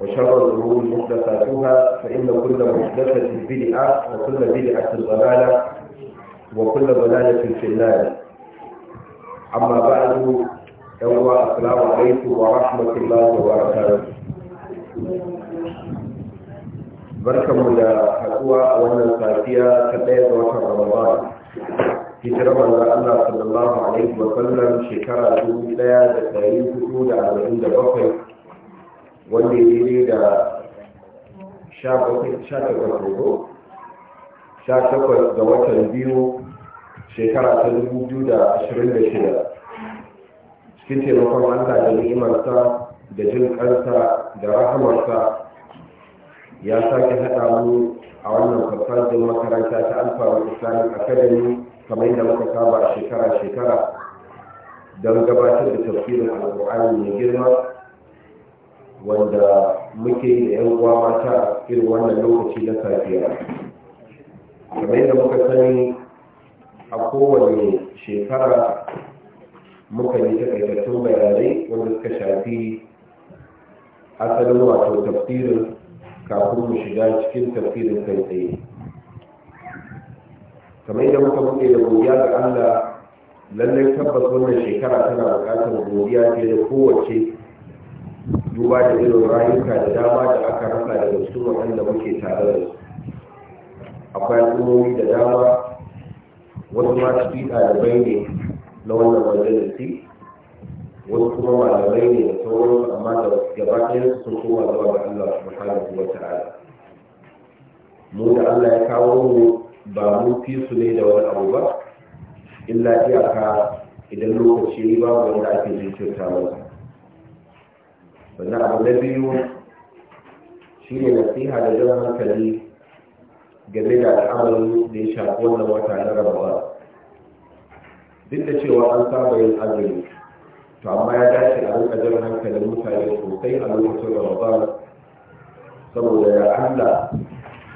وشر الأمور محدثاتها فإن كل محدثة بدعة وكل بدعة ضلالة وكل ضلالة في النار أما بعد يوم السلام عليكم ورحمة الله وبركاته بركم يا حقوة وانا الفاتية كبير وكر رمضان في جرم الله صلى الله عليه وسلم شكرا لكم لا تتعين تقول على عند بقي wanda ya ne da sha takwas watan biyu shekara ta dubu biyu da ashirin da shida cikin taimakon allah da ni'imarsa da jin kansa da rahamarsa ya sake haɗa mu a wannan farfajin makaranta ta alfaru a academy kamar yadda muka saba a shekara-shekara don gabatar da tafsirin alƙur'ani mai girma wanda muke da yan uwa mata irin wannan lokaci na safiya kamar yadda muka sani a kowane shekara muka yi takaitattun bayanai wanda suka shafi asalin wato tafsirin kafin mu shiga cikin tafsirin kai tsaye kamar yadda muka buɗe da godiya ga allah lallai tabbas wannan shekara tana buƙatar godiya fiye da kowace duba da irin rayuka da dama da aka rasa daga cikin waɗanda muke tare da su akwai al'ummomi da dama wasu ma su ɗalibai ne na wannan majalisi wasu kuma malamai ne da sauran amma da gaba ɗaya sun koma zuwa ga Allah subhanahu wa ta'ala mu da Allah ya kawo mu ba mu fi su ne da wani abu ba illa iyaka idan lokaci ba wanda ake jinkirta masa sannan abu na biyu shi ne nasiha da jan hankali game da al'amarin da ya shafi wannan wata na rabuwa. duk da cewa an saba yin azumi to amma ya dace a rika jan hankalin mutane sosai a lokacin ramadan saboda ya allah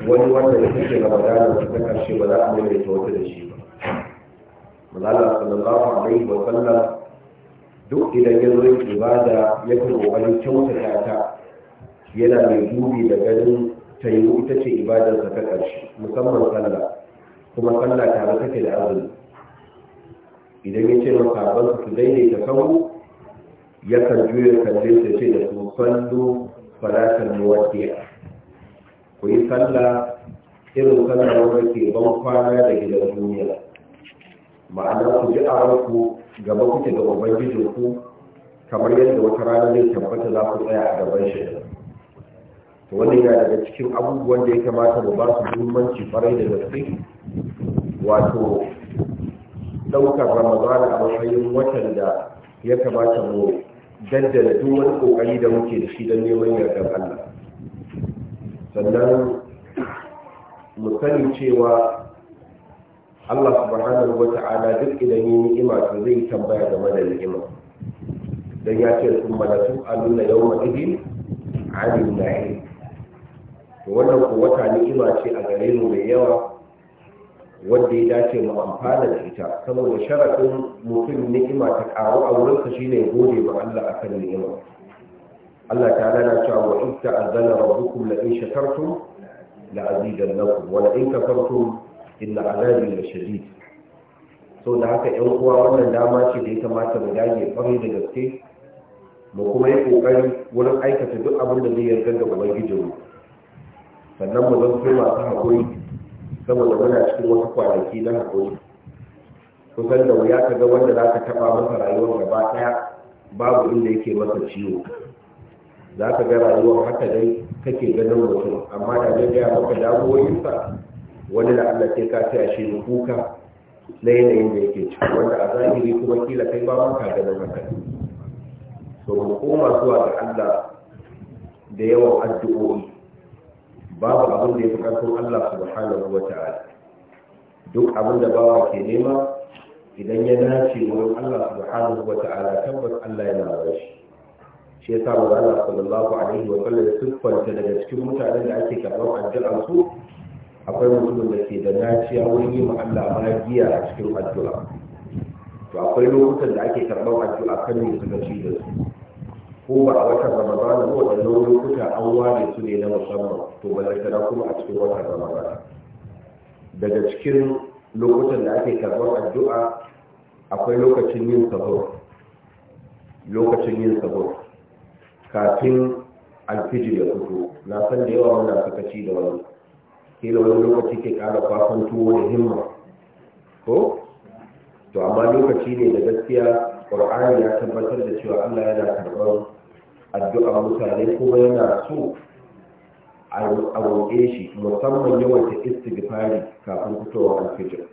wani wanda da take magana da ta karshe ba za a maimaita wata da shi ba. Malala sallallahu alaihi wa sallam duk idan ya zo ibada ya kan kokarin kyautata ta yana mai dubi da ganin ta yi ita ce ibadarsa ta ƙarshe musamman sallah kuma sallah tare take da azumi idan ya ce maka ban su daidaita ya yakan juya kalle ta ce da su sallu falatar muwaddiya ku yi sallah irin sallah wanda ke ban kwana da gidan duniya ma'ana ku ji a ranku gaba kuke da ubangijin ku kamar yadda wata rana zai tabbata za ku tsaya a gaban shi to wannan yana daga cikin abubuwan da ya kamata mu ba su muhimmanci farai da gaske wato ɗaukar ramadana a matsayin watan da ya kamata mu daddala duk wani kokari da muke da shi don neman yardar Allah sannan mu sani cewa Allah subhanahu wa ta'ala duk idan yi ni'ima to zai tambaya game da ni'ima dan ya ce sun malatu aluna yawma idin alim nahi to wannan ko wata ni'ima ce a gare mu mai yawa wanda ya dace mu amfana da ita saboda sharafin mutum ni'ima ta karu a wurinsa shine gode ma Allah akan ni'ima Allah ta'ala na cewa wa in ta'azzana rabbukum la in shakartum la azidannakum wa la in kafartum inna azabi la shadid so da haka yan uwa wannan dama ce da ya kamata mu dage kwarai da gaske mu kuma yi kokari wurin aikata duk abin da zai yarda da ubangijinmu sannan mu zanto masu haƙuri saboda muna cikin wasu kwanaki na haƙuri kusan da wuya ka ga wanda za ka taɓa masa rayuwar gaba ɗaya babu inda yake masa ciwo za ka ga rayuwar haka dai kake ganin mutum amma da zai gaya maka damuwoyinsa wani da Allah sai ka a shi kuka na yanayin da yake ciki wanda a zahiri kuma kila kai ba maka ganin haka So mu koma zuwa ga Allah da yawan addu'o'i babu abin da ya fi ƙarfin Allah subhanahu wa ta'ala duk abin da bawa ke nema idan ya dace, wurin Allah subhanahu wa ta'ala tabbas Allah yana da shi shi yasa manzo Allah sallallahu alaihi wa sallam ya siffanta daga cikin mutanen da ake karɓar addu'ar su akwai mutumin da ke da naciya wani yi Allah magiya a cikin addu'a to akwai lokutan da ake karɓar addu'a kan ne suka ci da su ko ba a watan ramadana ko waɗannan lokuta an ware su ne na musamman to ba da kuma a cikin watan ramadana daga cikin lokutan da ake karɓar addu'a akwai lokacin yin sabo lokacin yin sabo kafin alfijir ya fito na san da yawa muna sakaci da wani kila wani lokaci ke kara kwasan tuwo da himma ko to amma lokaci ne da gaskiya ƙwar'ani ya tabbatar da cewa allah yana karɓar addu'ar mutane kuma yana so a roƙe shi musamman yawan ta istighfari kafin fitowar alfijir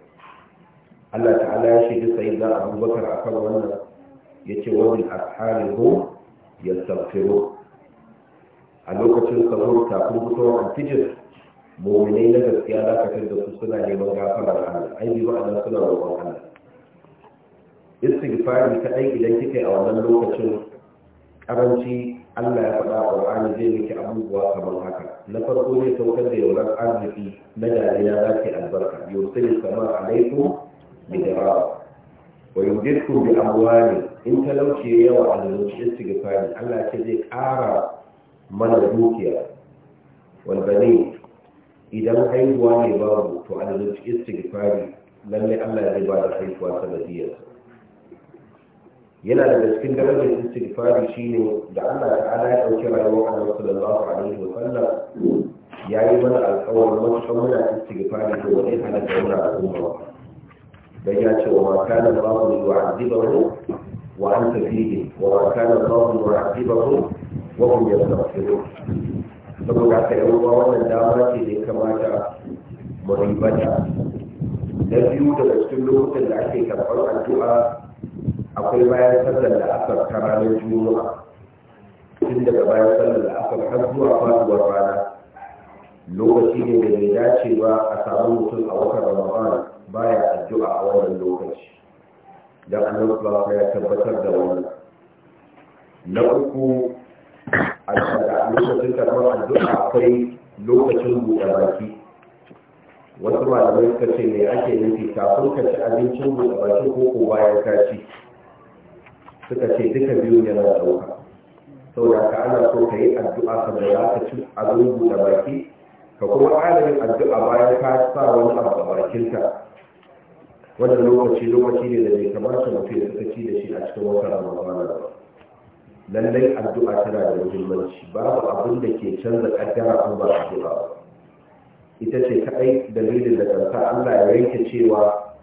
Allah ta'ala ya shiga sai a abubakar a kan wannan ya ce wani ashari ho ya safiro a lokacin sahur kafin fitowar alfijir mu'minai na gaskiya za ka da su suna neman gafara da Allah ai bi nan suna roƙon Allah istighfari kadai idan kike a wannan lokacin karanci Allah ya faɗa a Qur'ani zai miki abubuwa kamar haka na farko ne saukar da yauran arziki na dariya za ki albarka yursilu sama alaikum bidara wa yumdidkum bi amwali in talauci yawa a zuci istighfari Allah ce zai ƙara mana dukiya wal banin idan haihuwa ne babu to a da istighfari lalle Allah ya ba da haihuwa sanadiyar yana da cikin darajar istighfari shine da Allah ta'ala ya dauki rayuwar Annabi sallallahu alaihi wa sallam ya yi mana alƙawarin matuƙar muna istighfari da wani halatta muna kuma da ya ce wa ma kana Allahu yu'azibahu wa anta fihi wa ma kana Allahu yu'azibahu wa hum yastaghfirun saboda aka yi ruwa, wannan dama ce da ya kamata mu ribata na biyu daga cikin lokutan da ake karɓar addu'a akwai bayan sallar da aka ta ranar juma'a tun daga bayan sallar da aka har zuwa faduwar rana lokaci ne da bai dace ba a samu mutum a wata ramadan baya addu'a a wannan lokaci dan annabi ya tabbatar da wannan na uku a lokacin karɓar addu'a akwai lokacin buɗe baki wasu malamai suka ce me ake nufi kafin ka ci abincin buɗe baki ko ko bayan ka ci suka ce duka biyun yana ɗauka da ka ana so ka yi addu'a saboda za ka ci abin buɗe baki ka kuma ƙara yin addu'a bayan ka sa wani abu a ka. wannan lokaci lokaci ne da bai kamata mutum ya ci da shi a cikin wata ramadana ba lallai addu'a tana da muhimmanci babu abin da ke canza kaddara ko ba addu'a ba ita ce kadai dalilin da kansa Allah ya yanke cewa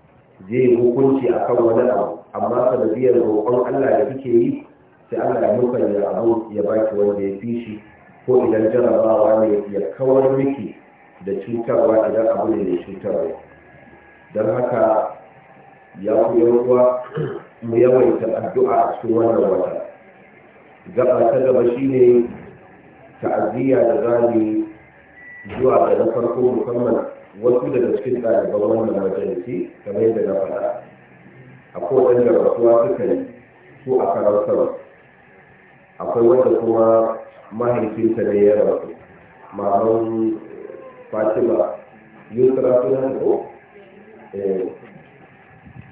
zai hukunci akan wani abu amma sanadiyar roƙon Allah da kike yi sai Allah ya muka ya abu ya baki wanda ya fi shi ko idan jarabawa ne ya kawar miki da cutarwa idan abu ne da cutarwa don haka ya ku uwa mu yawaita addu'a a cikin wannan wata gaba ta gaba shine ta'aziyya da zami zuwa da na farko musamman wasu daga cikin ɗaliban wannan majalisi kamar yadda na faɗa akwai da wasu wasu kan su a karantar akwai wanda kuma mahaifinta ne ya rasu maman fatima yusra suna da ko eh.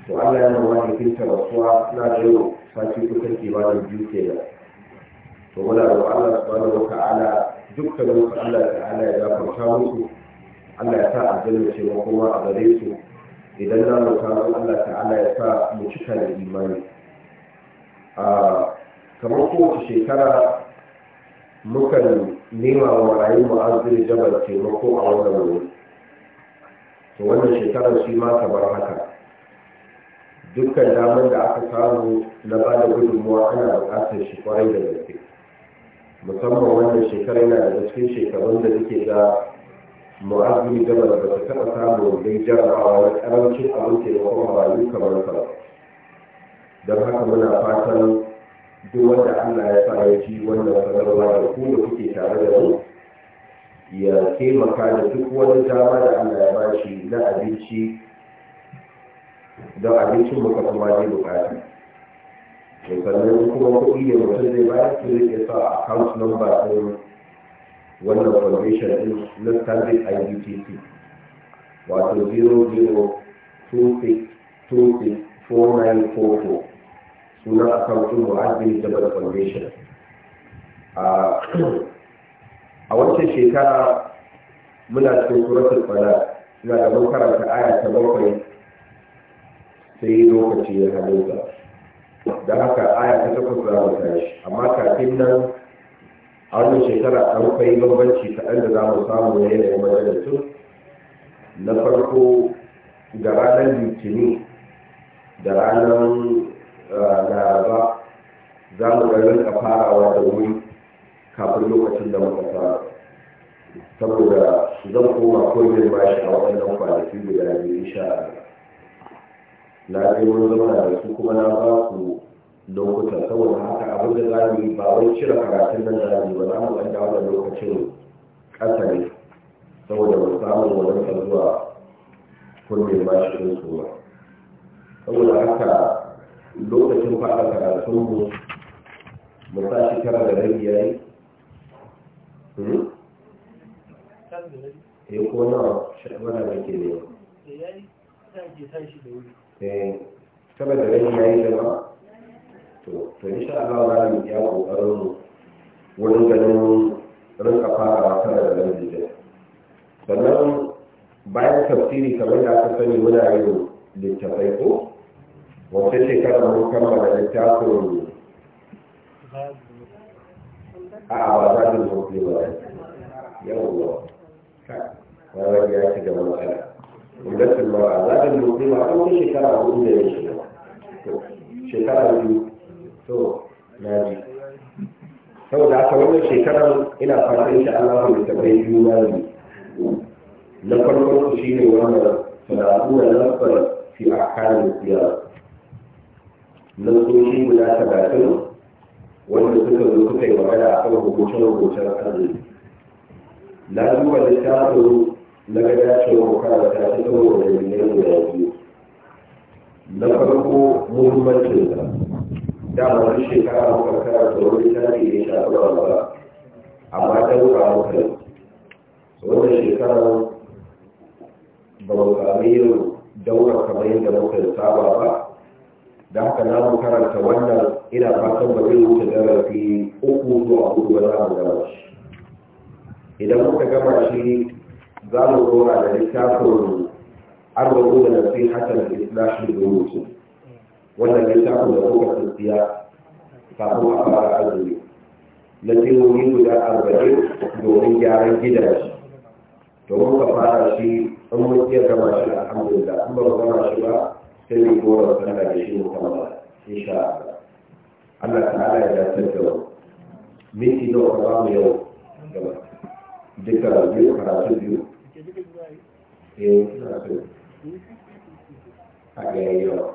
to allah ya mahaifinta rasuwa na da yau sati kusan kimanin biyu kenan to muna roƙon Allah subhanahu wata'ala dukkan su Allah ta'ala ya gafarta musu Allah ya sa aljanna ce ma kuma a gare su idan na roƙa Allah ta'ala ya sa mu cika da imani kamar kowace shekara mukan nema wa rayu mu'azzir jabal taimako a wannan wuri to wannan shekarar shi ma kamar haka dukkan damar da aka samu na ba da gudunmuwa ana buƙatar shi kwarai da gaske musamman wannan shekara yana da cikin shekarun da nake da mu'azzumi gaba da bata taɓa samun dai jarabawa na ƙarancin da kuma marayu kamar sa don haka muna fatan duk wanda allah ya sa ya ji wannan sanarwa da ku da kuke tare da mu ya taimaka da duk wani dama da allah ya ba shi na abinci don abincin muka kuma dai bukata da sannan kuma kuɗi da mutum zai bayar su zai iya sa account number ɗin wannan foundation ɗin na standard ibtc wato 0026264944 sunan account ɗin mu'adin jabal foundation a wancan shekara muna cikin suratul fana suna da mun karanta aya ta bakwai sai lokaci ya halitta da haka aya ta takwas za mu tashi amma kafin nan a wannan shekara an kai bambanci kaɗan da za mu samu na yanayin majalisun na farko da ranar litinin da ranar eh, laraba za mu ɗarin ka farawa da wuri kafin lokacin da muka fara saboda zan koma yin bashi a waɗannan kwanaki guda biyu insha Allah na je wani zama da su kuma na ba ku lokuta saboda haka abin da za yi ba wai cire karatun nan da mu yi ba za mu ɗan dawo da lokacin ƙasa ne saboda ba samu wadanta zuwa kullum ba shi ɗin su ba saboda haka lokacin fara karatun mu mu tashi tara da rabi yayi hmm? eh ko na shawara eh, da ke ne eh tara da rabi yayi da ba to to insha Allah za mu iya kokarin wurin ganin rinka fara tare da lantarki sannan bayan tafsiri kamar da aka sani muna yin littafai ko wata shekara mun kammala littafin a abazadin Ba yawon rawar ya ci gaba matsala inda sun ba a zaɓin musulman a kan shekara hudu da ya shiga shekara biyu to na ji saboda haka wannan shekarar ina fatan insha Allah ta tabbai juna ne na farko su ne wannan sana'u da lafar fi akalin siyar na soshi guda talatin wanda suka zo suka yi magana a kan hukuncin rubucen arziki na duba littafin na ga dacewar makaranta ta cikin wadannan guda biyu na farko muhimmancin sa dama wani shekara muka kara da wani tarihi ne sha zuwa ba amma ta wuka muka Wani wannan shekarar ba mu sami yin daura kamar yadda muka yi saba ba da haka na mu karanta wannan ina fatan ba zai wuce darasi uku zuwa hudu wani abu gama shi idan muka gama shi za mu zo dora da littafin arba da nasihatar islashin da mutum wannan littafin da kuka tsintiya kafin a fara azumi na jihohi guda arba'in domin gyaran shi. to ka fara shi an mun iya gama shi alhamdulillah an ba gama shi ba sai mu gora sallah da shi mu in sha Allah ta ta'ala ya dace da mu miki da ba mu yau gaba duka biyu karatu biyu eh karatu a ga yau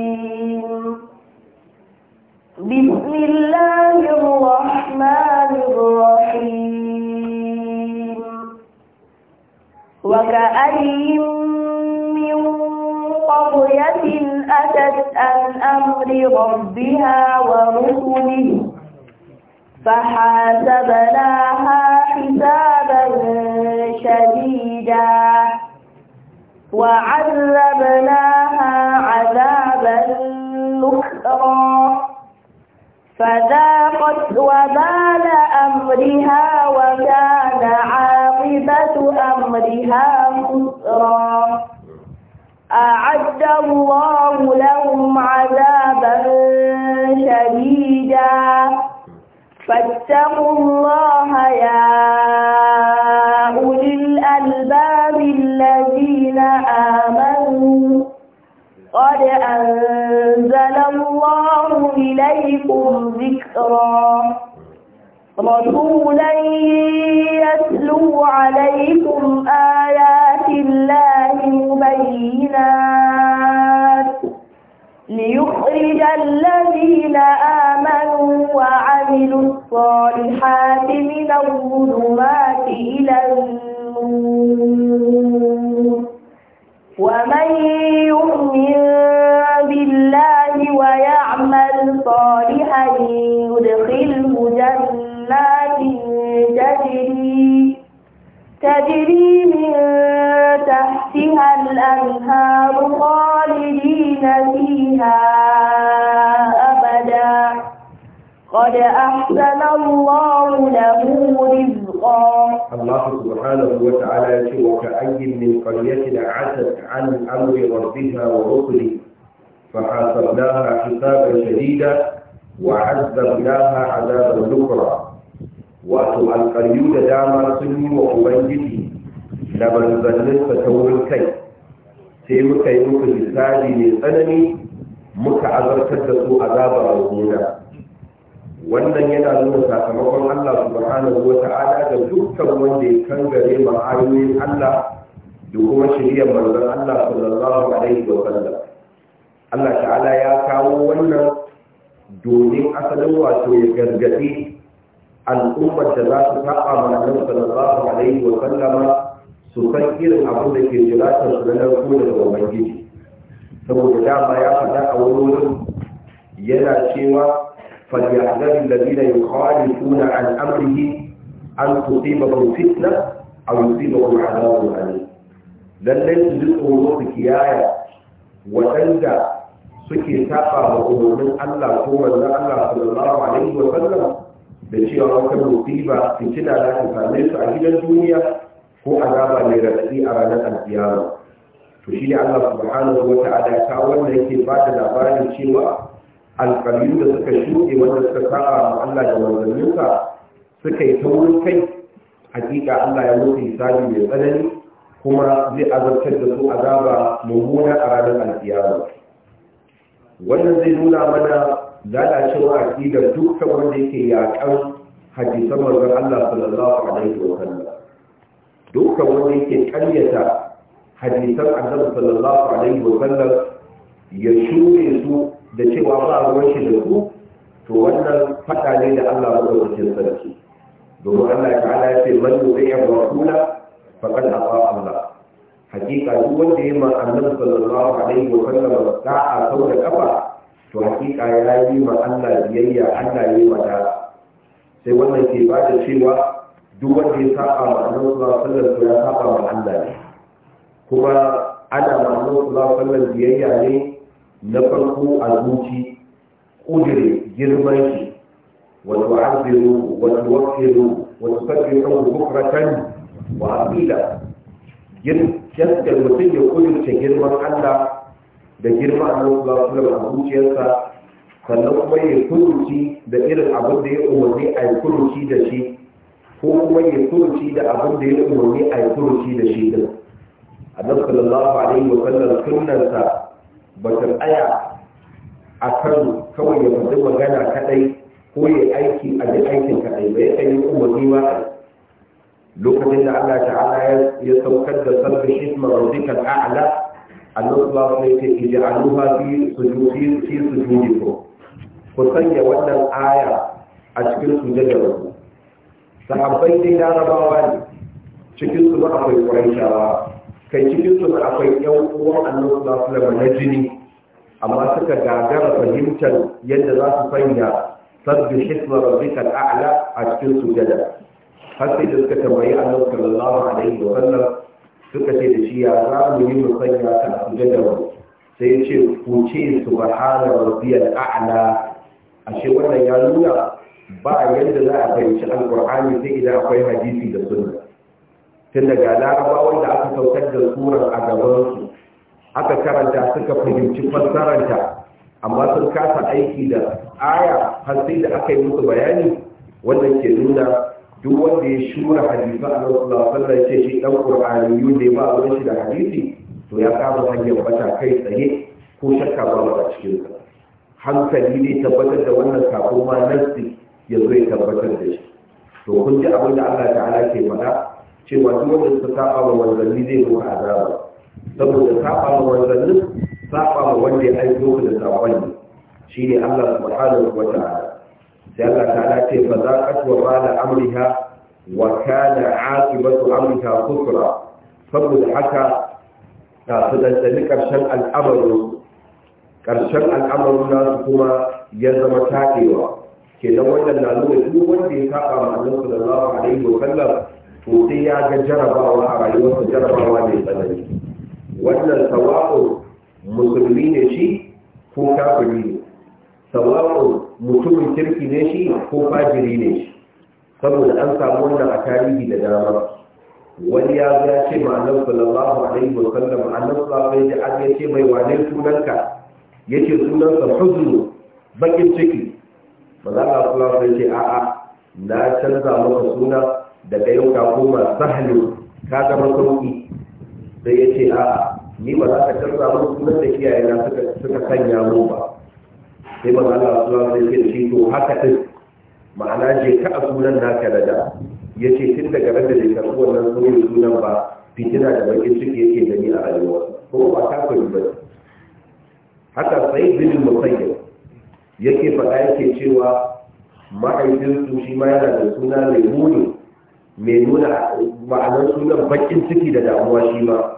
بسم الله الرحمن الرحيم وكأي من قرية أتت عن أمر ربها ورسله فحاسبناها حسابا شديدا وعذبناها عذابا نكرا فذاقت وبال أمرها وكان عاقبة أمرها خسرا أعد الله لهم عذابا شديدا فاتقوا الله يا أولي الألباب الذين آمنوا قد أنزل الله إليكم ذكرا رسولا يتلو عليكم آيات الله مبينات ليخرج الذين آمنوا وعملوا الصالحات من الظلمات إلى النور ومن يؤمن بالله ويعمل صالحا يدخله جنات تجري تجري من تحتها الأنهار خالدين فيها أبدا قد أحسن الله له رزقا خلقا الله سبحانه وتعالى وكأي من قرية عتت عن أمر ربها ورسله فحاسبناها حسابا شديدا وعذبناها عذابا نكرا wato alƙaryu da dama sun yi wa ubangiji da banzanninsa ta wurin kai sai muka yi muku hisabi mai tsanani muka azabtar da su azabar gona wannan yana nuna sakamakon Allah subhanahu wa ta'ala da dukkan wanda ya kangare ma ayoyin Allah da kuma shirya manzon Allah sallallahu alaihi wa sallam Allah ta'ala ya kawo wannan domin asalin wato ya gargaɗe al'ummar da za su taɓa manzon sallallahu alaihi wa sallama su san irin abin da ke jiratar su na narko daga ubangiji saboda dama ya faɗa a wurin yana cewa فليحذر الذين يخالفون عن امره ان تصيبهم فتنه او يصيبهم عذاب اليم lallai su ji tsoro su kiyaya waɗanda suke saba wa umarnin Allah ko wanda Allah sallallahu alaihi wa sallam da cewa wata musiba fitina za ta same su a gidan duniya ko azaba mai raɗaɗi a ranar alkiyama to shi ne Allah subhanahu wa ta'ala ta wanda yake ba da labarin cewa alƙalu da suka shuɗe wanda suka saba ma Allah da manzanninsa suka yi taurin kai hakika Allah ya mutu hisabi mai tsanani kuma zai azabtar da su azaba mummuna a ranar alkiyama wannan zai nuna mana lalacewa aƙidar dukkan wanda yake yaƙan hadisan manzon Allah sallallahu alaihi wa sallam dukkan wanda yake ƙaryata hadisan annabi sallallahu alaihi wa sallam ya shuɗe su da cewa ba ruwan shi da ku to wannan fada ne da Allah madaukakin sarki domin Allah ta'ala ya ce man yu'i rasula faqad ata Allah hakika duk wanda ya ma annabi sallallahu alaihi wa sallam da'a sau da kafa to hakika ya yi ma Allah biyayya Allah ya yi ma sai wannan ke ba da cewa duk wanda ya saba ma annabi sallallahu alaihi wa sallam ya saba ma Allah ne kuma ana ma annabi sallallahu alaihi wa sallam biyayya ne na farko a zuci ƙudure girman shi wani arziru wani wakilu wani sarki ɗan bukratan wa abila yadda mutum ya kudurce girman allah da girma a nan ba su zuciyarsa sannan kuma ya kuruci da irin abin da ya umarni a yi kuruci da shi ko kuma ya kuruci da abin da ya umarni a yi kuruci da shi din annabi sallallahu alaihi wa sallam sunansa ba ta tsaya a kano kawai ya faɗi magana kaɗai ko ya aiki a duk aikin kaɗai ba ya kan yi umarni ba lokacin da Allah ta'ala ya saukar da sabbin isma rabbikal a'la Allah subhanahu wa ta'ala ya ce aluha fi sujudi fi sujudikum ku sanya wannan aya a cikin sujadar ku sahabbai dai larabawa ne cikin su ba akwai ƙurayshawa kai cikin su akwai yan uwan annabi sallallahu alaihi na jini amma suka gagara fahimtar yadda za su sanya sabbi hikma rabbikal a'la a cikin sujada har sai da suka tambayi annabi sallallahu alaihi wa sallam suka ce da shi ya za mu yi mu sanya ta sujada sai ce ku ce subhana rabbiyal a'la ashe wannan ya nuna ba yadda za a fahimci alqur'ani sai idan akwai hadisi da sunna tun daga larabawan da aka saukar da surar a gabansu aka karanta suka fahimci fassaranta amma sun kasa aiki da aya har sai da aka yi musu bayani wannan ke nuna duk wanda ya shura hadisi a rasulullah sallallahu alaihi wasallam shi dan qur'ani ne ba a shi da hadisi to ya kama hanyar bata kai tsaye ko shakka ba a cikin sa hankali ne tabbatar da wannan kafin ma nan ya ya tabbatar da shi to kun ji abin da Allah ta'ala ke faɗa cewa duk wanda suka saba wa wanzanni zai zo azaba saboda saba wa wanzannin, saba wa wanda ya aiko ka da sabon ne shine Allah subhanahu wa ta'ala sai Allah ta'ala ce fa zaqat wa bala amriha wa kana aqibatu amriha kufra saboda haka ta su da karshen al'amarin karshen al'amarin nasu kuma ya zama takewa kenan wannan na nuna duk wanda ya saba ma Allah sallallahu alaihi wa sallam to sai ya ga jarabawa a rayuwarsa jarabawa mai tsanani wannan sawa'u musulmi ne shi ko kafiri ne sawa'u mutumin kirki ne shi ko fajiri ne shi saboda an samu wannan a tarihi da dama wani ya ga ce ma nan sallallahu alaihi wa sallam annabi sallallahu alaihi wa sallam ya ce mai wane sunanka yace sunansa huznu bakin ciki manzo Allah sallallahu alaihi wa sallam ya ce a'a na canza maka suna daga yau ka koma sahalo ka zama sauki sai ya ce a ni ba za ka canza mu sunan da kiyaye na suka sanya mu ba sai ba zuwa ba ya ce shi to haka ta ma'ana je ka a sunan na ka da ya ce tun daga nan da bai karɓi wannan sauyin sunan ba fitina da bakin ciki yake gani a rayuwa ko ba ta koyi ba haka sai bin musayyib yake faɗa yake cewa ma'aikin su shi ma yana da suna mai muni mai nuna ma'anar sunan bakin ciki da damuwa shi ma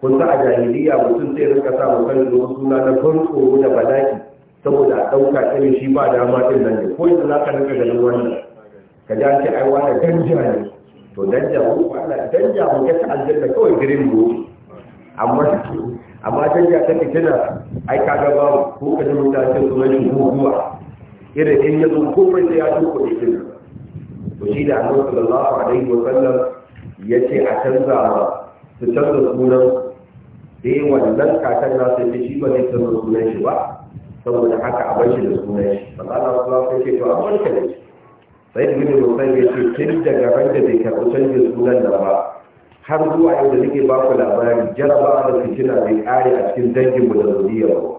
kun sa a jahiliya mutum sai rika sa mu kan zuwa suna na farko da balaki, saboda a ɗauka irin shi ba dama ɗin nan ne ko yanzu za ka rinka ganin wannan ka ji an ce ai wani danja ne to danja mu wannan danja mu ga ta aljanna kawai girin mu amma amma danja ta ke tana ai ga babu ko ka ji mutane sun yi guguwa irin in ya zo komai da ya tuko ɗin to shi da annabi sallallahu alaihi wa sallam yace a canza su canza sunan sai wannan kakan na sai shi ba zai canza sunan shi ba saboda haka a bashi da sunan shi sallallahu alaihi wa ce to a barka da shi sai da gini musan ya ce tun daga ran da bai karɓi canza sunan da ba har zuwa yau da nake ba ku labari jarabawa da fitina bai ƙare a cikin dangin mu da zuriya ba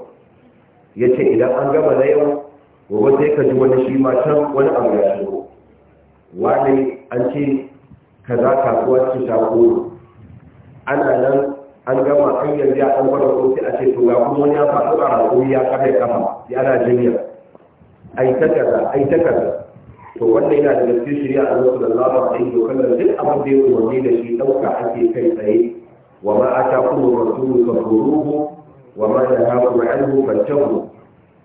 ya ce idan an gama na yau gobe sai ka ji wani shi ma can wani abu ya shigo Wani an ce kaza kasuwa ce ta koyo ana nan an gama an yanzu ya an gwada ko sai a ce to kuma wani ya faɗi a rakuri ya kafa kafa ya ana jinya ai ta kaza ai ta kaza to wannan yana da gaske shirya a nan sallallahu alaihi wa da duk abin da ya umarni da shi ɗauka ake kai tsaye wa ma atakum rasulu fakuruhu wa ma nahakum anhu fantahu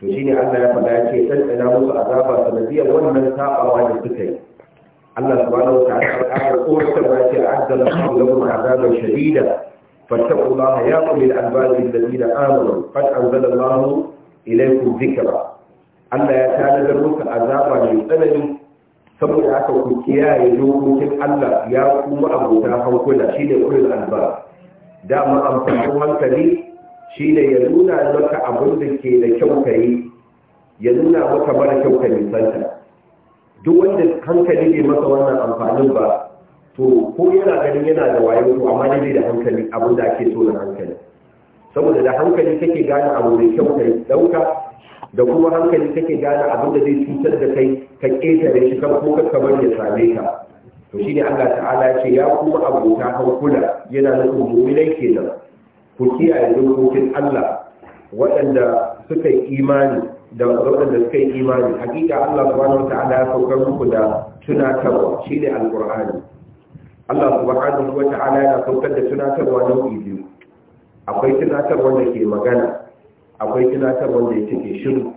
to shi ne Allah ya faɗa ya ce dan ina musu azaba sanadiyar wannan sabawa da suka yi Allah subhanahu wa ta'ala urta ma ta azzala qawlukum azaban shadida fattaqu Allah ya ulil albab alladhina amanu qad anzala Allah ilaykum dhikra Allah ya tanadar muku azaba mai tsanani saboda haka ku kiyaye dokokin Allah ya kuma abota hankula shine ulil albab dama amfanin hankali shine ya nuna maka abin da ke da kyau kai ya nuna maka mara kyau kai misanta duk wanda hankali bai masa wannan amfanin ba to ko yana ganin yana da wayo to amma dai bai da hankali abin da ake so da hankali saboda da hankali kake gane abu mai kyau kai dauka da kuma hankali kake gane abin da zai cutar da kai ka ƙetare shi kan ko ka kamar ya same ka to shine Allah ta'ala ce ya kuma abota hankula yana nufin mu'minai kenan ku kiyaye dokokin Allah waɗanda suka yi imani da waɗanda suka yi imani hakika Allah subhanahu ta'ala ya saukar muku da tunatarwa shine alqur'ani Allah subhanahu wata'ala ya saukar da tunatarwa nau'i biyu akwai tunatarwa da ke magana akwai tunatarwa da yake shiru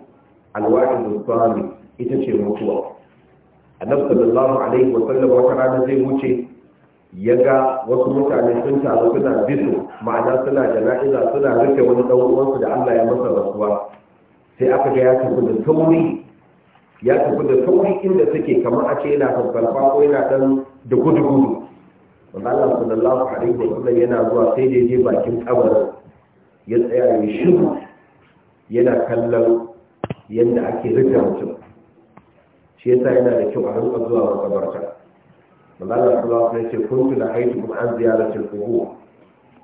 alwa'idul sami ita ce mutuwa annabi sallallahu alaihi wa sallam wata rana zai wuce ya ga wasu mutane sun taru suna bisu ma'ana suna jana'iza suna rufe wani ɗan uwansu da Allah ya masa rasuwa sai aka ga ya tafi da sauri ya tafi da sauri inda take kamar a ce yana fanfalfa ko yana dan da gudu gudu wanda Allah sallallahu alaihi wa sallam yana zuwa sai da je bakin kabarin ya tsaya ya shiru yana kallon yadda ake rika mutum shi yasa yana da kyau a rinka zuwa wa kabarta wanda Allah sallallahu alaihi wa ce kuntu la haytukum an ziyaratil qubur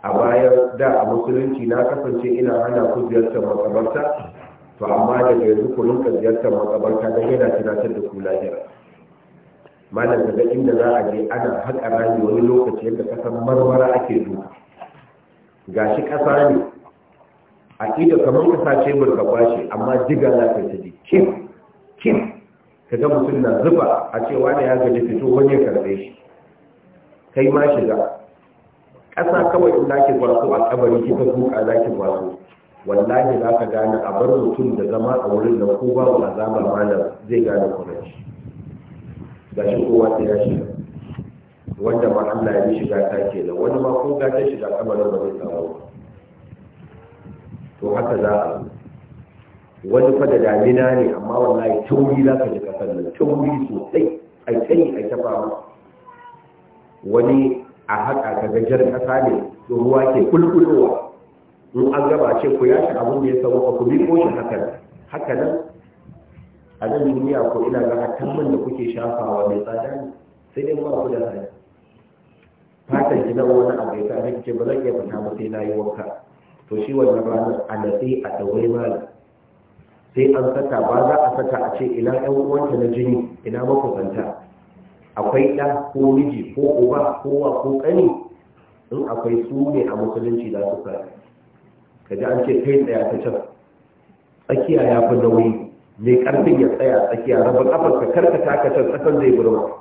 a bayan da a musulunci na kasance ina hana ku ziyartar makabarta to amma daga yanzu ku rinka ziyartar makabarta don yana tunatar da ku lahira malam daga inda za a je ana haƙa rami wani lokaci yadda kasan marmara ake duka gashi ƙasa ne a ƙida kamar ƙasa ce burka kwashe amma jiga na ta ji kim kim ka ga mutum na zuba a cewa wani ya gaji fito wani ya karɓe shi kai ma shiga ƙasa kawai in ke kwaso a kabari kika duka za ki kwaso wallahi za ka gane a bar mutum da zama a wurin da ko wa azabar malam zai gane kuranci ga shi kowa sai ya shiga wanda ma Allah ya shiga ta ke da wani ma ko ga ta shiga kamar da zai samu to haka za a wani fa da damina ne amma wallahi tauri za ka ji kasar nan tauri sosai a kai a kafa wani a haka ka jar kasa ne ruwa ke kulkulowa in an gaba ce ku yashi abin da ya ba ku bi ko shi haka haka nan a nan duniya ko ina ga hatan da kuke shafawa mai tsada ne sai dai ba ku da hali fatan gina wani abu ya sa ce ba zan iya fita ba sai na yi wanka to shi wannan ranar a natsi a ɗaure ma sai an saka ba za a saka a ce ina ɗan uwanta na jini ina makusanta akwai ɗa ko miji ko uba kowa ko ƙani in akwai su ne a musulunci za su kare ka an ce kai tsaya ta can tsakiya ya fi nauyi mai ƙarfin ya tsaya tsakiya raba ƙafar ka karkata ka can tsakan zai burma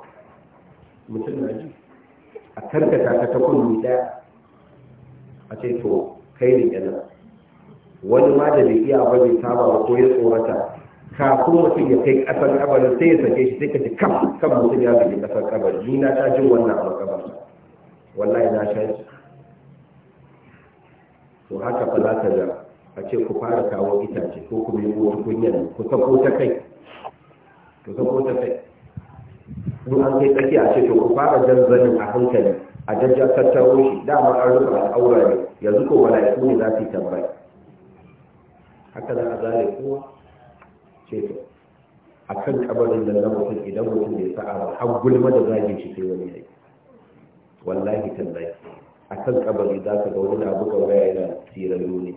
mutum na ji a karkata ka ta kunni ɗaya a ce to kai ne yana wani ma da bai iya ba bai saba ba ko ya tsorata kafin mutum ya kai ƙasar kabarin sai ya sake shi sai ka ji kam kan mutum ya zage ƙasar kabarin ni na ta jin wannan abu kabarin wallahi na sha shi to haka fa za ka ga a ce ku fara kawo itace ko kuma yi wata kunyar ku sako ta kai ku sako ta kai Duk an kai tsaki a ce to ku fara jan zanin a hankali a jajjar tattaro shi dama an rufe a aura ne yanzu ko ya kuni za su yi tambayi haka za a zale kowa ce to a kan kabarin da na mutum idan mutum ya sa'a har gulma da zagin shi sai wani ya yi wallahi tallahi a kan kabari za ka ga wani abu buga waya yana sirarru ne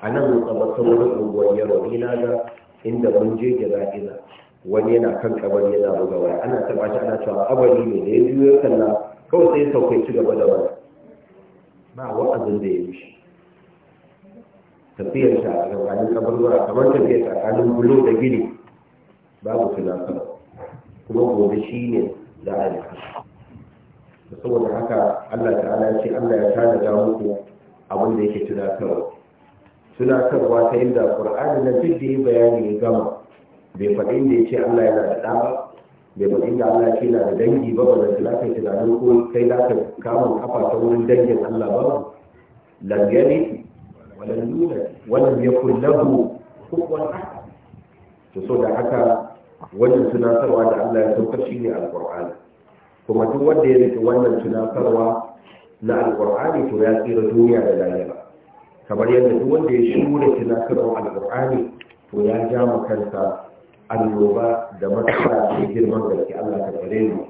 a nan makamakon wani unguwar yaro ni na ga inda mun je jira'iza wani yana kan kabari yana buga waya ana taba shi ana cewa kabari ne da ya juyo kalla kawai sai saukai ci gaba da wani ba wa'azin da ya yi shi tafiyar shi a tsakanin kabarwara kamar tafiyar tsakanin bulo da gini babu tunatar kuma gobe shi ne za a yi saboda haka Allah ta'ala ya ce Allah ya tanada muku abin da yake tunatarwa tunatarwa ta inda Qur'ani na duk da bayani ya gama bai faɗi inda ya ce Allah yana da ɗa bai faɗi inda Allah ya yana da dangi ba ba da kai tunanin ko kai za ka kama kafa ta wurin dangin Allah ba lam yalid wa lam yulad wa lam yakul lahu kufuwan ahad to so da haka wannan tunatarwa da Allah ya saukar shi ne alqur'ani kuma duk wanda ya rike wannan tunatarwa na alƙur'ani to ya tsira duniya da lahira kamar yadda duk wanda ya shure tunatarwa alƙur'ani to ya ja mu kansa annoba da matsala da girman gaske Allah ta tsare mu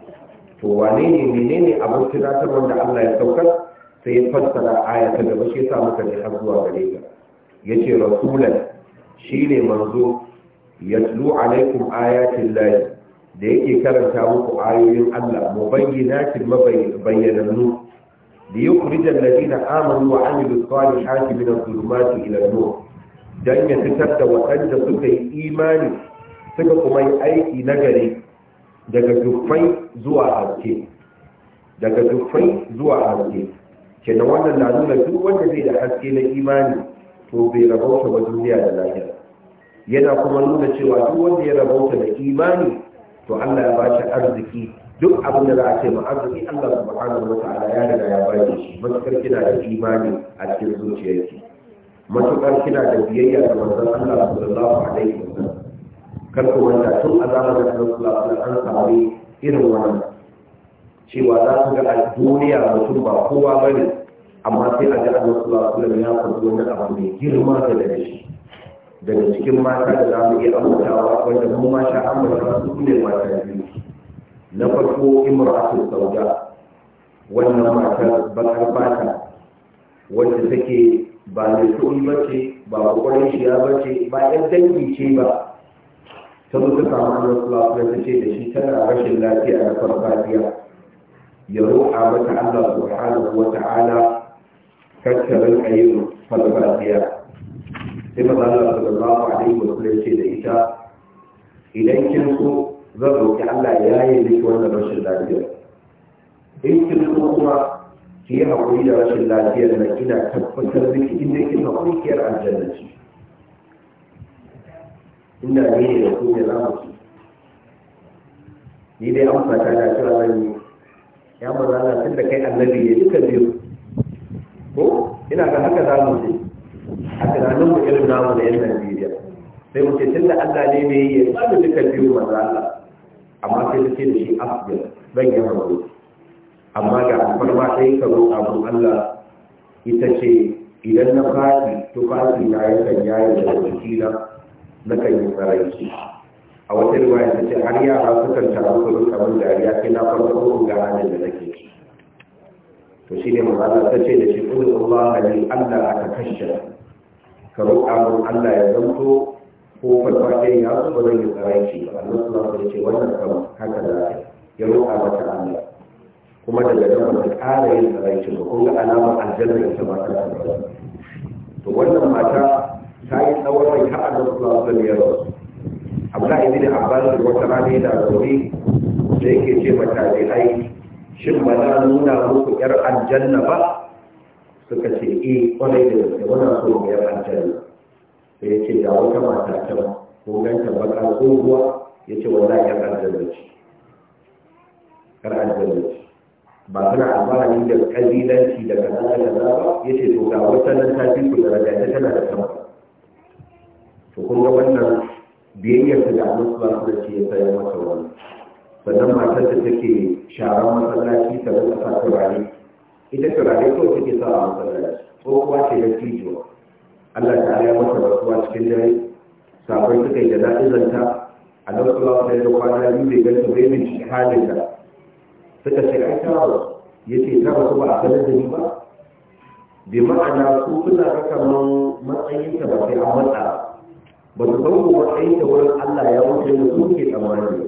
to wane ne menene abin tunatarwa da Allah ya saukar sai ya fassara aya ta gaba shi yasa muka ji har zuwa gare ka yace rasulan shine manzo yatlu alaikum ayatin lahi da yake karanta muku ayoyin Allah mu mubayyinatin mabayyanannu da ya kurija lalina amanu wa amilu salihati min al dhulumati ila nur dan ya fitar da waɗanda suka yi imani suka kuma yi aiki na gare daga dufai zuwa haske daga dufai zuwa haske kenan wannan na nuna duk wanda zai da haske na imani to bai rabauta ba duniya da lahira yana kuma nuna cewa duk wanda ya rabauta da imani to Allah ya ba shi arziki duk abin da za a ce ma arziki Allah subhanahu wa ta'ala ya riga ya ba shi matukar kina da imani a cikin zuciyarki matukar kina da biyayya ga manzon Allah sallallahu alaihi sallam kar ku wanda tun a zamanin Rasulullah an samu irin wannan cewa za su ga a duniya mutum ba kowa bane amma sai a ga Allah sallallahu alaihi sallam ya faɗi wani abu mai girma da dashi daga cikin mata da za mu iya amintawa wanda mu ma sha su ne mata biyu na farko imratu sauda wannan matar bakar fata wanda take ba mai kuɗi ba ce ba kwakwarin shiya ba ce ba dangi ce ba ta mutu, ta samu ta ce da shi tana rashin lafiya na farfadiya ya roƙa mata Allah subhanahu wa ta'ala kakkarin ayyukan farfadiya sai maza Allah sallallahu alaihi wa sallam ce da ita idan kin so zan roƙi Allah ya yi miki wannan rashin lafiya in kin so kuma ki yi haƙuri da rashin lafiyar na ina tabbatar miki inda kin haƙuri kiyar aljanna ce inda ne da ku ne za mu ci ni dai amsa ta da cewa zan yi ya maza Allah tun da kai annabi ne duka biyu ko ina ga haka za mu je a tunanin mu irin namu na yan Najeriya sai mu ce tunda Allah ne mai yi ba da duka biyu manzo amma sai su ce da shi afdal zan yi hakuri amma ga alfarma sai ka roƙa mu Allah ita ce idan na fadi to fadi na yakan yaya da jikina na kan yi sarari a wata riwaya ta ce har yara kan taru su kamar dariya sai na farko ga da nake To to shine manzo ta ce da shi kullu Allah ali Allah aka kashe ka roƙa Allah ya zanto ko farfashe ya su ba zai yi tsarai shi ba Allah su ya ce wannan kama haka za a ya roƙa mata Allah kuma daga nan ba ta ƙara yin tsarai shi ba kun ga alamar aljanna ita ba ta ba to wannan mata ta yi tsawon rai har Allah su ba yi ya rasu Abdullahi bin Abbas wata rana yana zaune da yake ce mata dai ai shin ba na nuna muku yar aljanna ba suka ce e kwarai da gaske muna so mu yar aljanna sai ya ce da wata mata can kun ganta baka tsohuwa ya ce wallahi yar aljanna ce yar aljanna shi ba suna amfani da kabilanci da kaza da kaza ba ya ce to ga wata nan ta fi ku daraja ta tana da sama to kun ga wannan biyayyar ta da annabi ba su da ce ya sayar masa wani sannan matar da take sharan masallaci ta rika sa turare ita turare ko suke sa a masallaci ko kuma ce da tijuwa Allah ta ya masa rasuwa cikin dare sabon suka yi da na'izanta a nan su lafa da kwana biyu bai ganta bai min shi halin da suka ce ai ta rasu ya ce ta rasu ba a sanar da ni ba bi ma'ana su suna raka man matsayinta ba sai an matsa ba su san kuma matsayinta wurin Allah ya wuce da su ke tsammani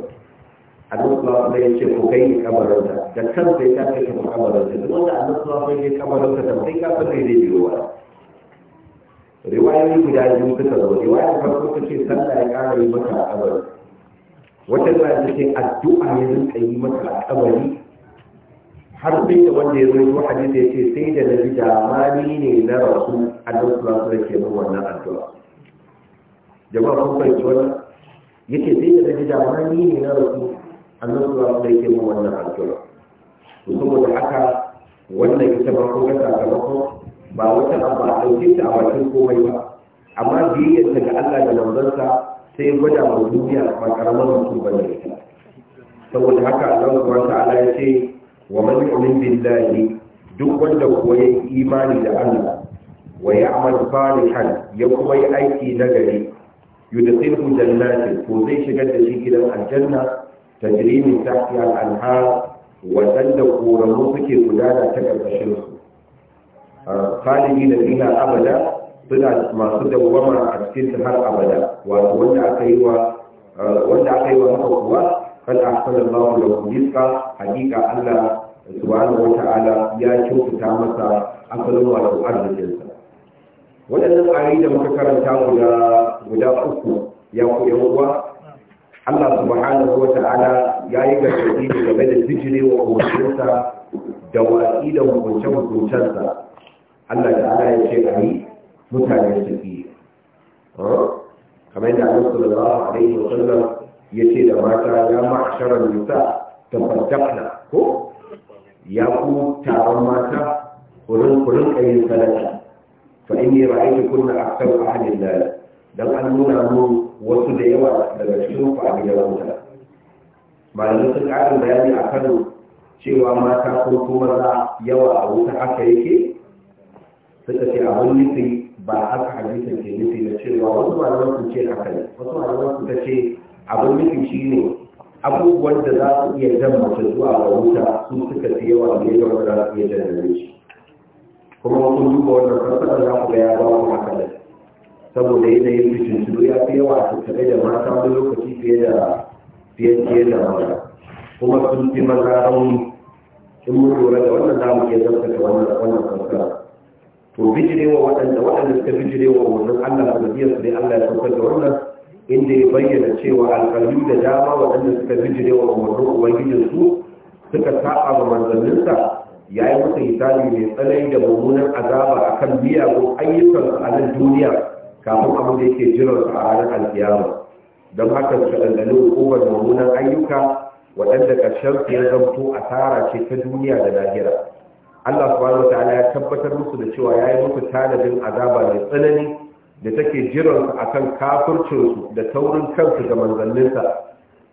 a nan su lafa da ya ce ku kai ni kamarinta da kansa ya kafa shi makamararsa duk wanda annabi sallallahu alaihi wasallam ya kamararsa da kai kafa sai zai biyo wa riwayoyi guda biyu suka zo riwayar farko ta ce sallah ya kara yi maka a kabari wata riwaya ta ce addu'a ya rinka yi maka a kabari har sai da wanda ya zo hadisi ya ce sai da nabi da mali ne na rasu annabi sallallahu alaihi wasallam ke min wannan addu'a jama'a kun fahimci wannan yake sai da nabi da mali ne na rasu annabi sallallahu alaihi wasallam ke min wannan addu'a to saboda haka wannan ita ba ko ga ba wata abu a ɗauke ta a bakin komai ba amma biyayyarta ga Allah da manzansa sai gwada wa duniya ba karamar mutu ba ne saboda haka Allah subhanahu ta'ala ya ce wa man yu'min billahi duk wanda kuwa ya imani da Allah wa ya'mal salihan ya kuma yi aiki na nagari yudkhilhu jannatin ko zai shigar da shi gidan aljanna tajri min tahtiha al-anhar waɗanda ƙoramu suke gudana ta ƙarƙashin su khalidi da dina abada suna masu dawwama a cikin su har abada wato wanda aka yi wa haka kuwa kan ahsana Allahu lahu rizqa haqiqa Allah subhanahu wa ta'ala ya kyautata masa asalin wato arzikinsa waɗannan ayoyi da muka karanta guda uku ya ku yan uwa Allah subhanahu wa ta'ala ya yi gargaɗi game da bijire wa hukuncinsa da watsi da hukunce-hukuncensa. Allah ta'ala ya ce a yi mutane su fi. Kamar yadda Allah wa sallam ya ce da mata ya ma'asharar nisa ta faddakna ko ya ku taron mata kurin kurin kayin sadaka fa inni ra'aytu kunna aktaru ahlin nar dan an nuna mu. wasu da yawa daga cikin ku a ya wuta malamai sun ƙara bayani a kano cewa mata ko kuma za yawa a wuta haka yake suka ce wani nufi ba haka hadisin ke nufi na cewa wasu malamai sun ce haka ne wasu malamai ta ce abin nufi ne abubuwan da za su iya jan mace zuwa ga wuta su suka fi yawa ne da za su iya jan da shi kuma wasu duba wannan fasara za ku ga ya ba ku haka ne saboda yanayin fitintunu ya fi yawa tattare da mata wani lokaci fiye da fiye da mata kuma sun fi maza rauni in mun lura da wannan zamu iya zartaka wannan wannan kankara to bijirewa waɗanda waɗanda suka bijire wa wannan Allah da biyar sai Allah ya saukar da wannan inda ya bayyana cewa alƙalu da dama waɗanda suka bijire wa umarnin ubangijin su suka saba ma manzanninsa ya yi musu hisabi mai tsanani da mummunan azaba akan miyagun ayyukan a nan duniya kafin abin da yake jiran su a ranar alkiyama don haka su ɗanɗani hukumar mummunan ayyuka waɗanda ƙarshen su ya zamto asara ce ta duniya da lahira Allah subhanahu wataala ya tabbatar musu da cewa ya yi musu tanadin azaba mai tsanani da take jiran su akan kafircinsu da taurin kansu ga manzanninsa